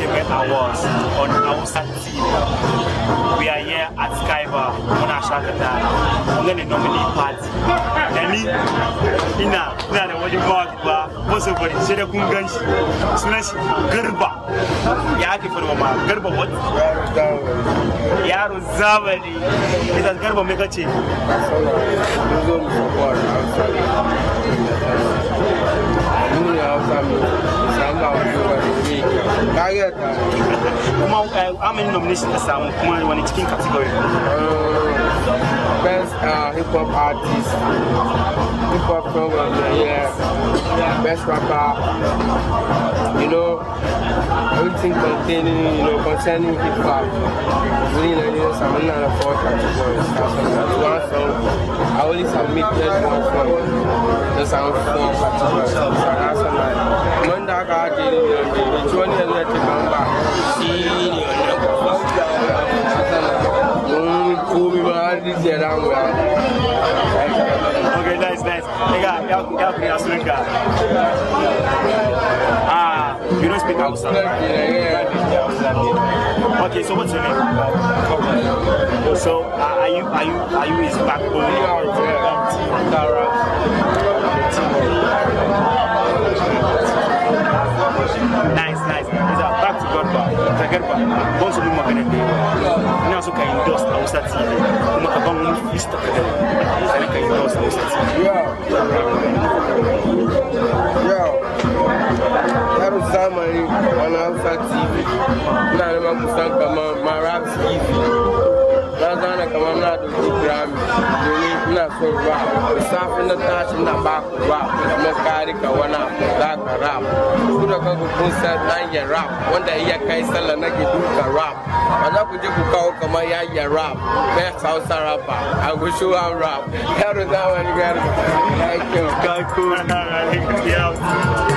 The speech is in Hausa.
Achievement Awards on Hausa TV. We are here at Skybar muna shakata mun gane nominee party. Da ni ina ina da wani bawa ba ba su bari sai da kun gan shi sunan shi Garba. Ya ake farma ma Garba what? Yaro zamani. Ita Garba me kace? Tired. Uh, uh, how many nominations are on Kuma in chicken category? Uh, best uh, hip hop artist, hip hop program, uh, yeah. Best rapper, you know, everything containing, you know, concerning hip hop. Within I'm another four categories. one song. I only submitted one song. Okay, nice, nice. Nigga, help, help me, Africa. Ah, you don't speak Hausa. Okay, so what's your name? So, uh, are you, are you, are you his backbone? Yeah, ነገር bonsu bi ma gën a dee ina so ka endorse hausa tv kuma ka ban wani fista ka da sai o, endorse hausa tv o zamani wani hausa é ina neman kusan kama ma rap kamar na su grammy domin ina son ba da safe na tashi na ba ku ba kuma kari ka abu za ka rap su da kanku kun san hanyar rap wanda iya kai sallah ke duka rap ba za ku je ku kawo kamar yayyar rap best hausa rapper a gushu an rap yaro za wani gari thank you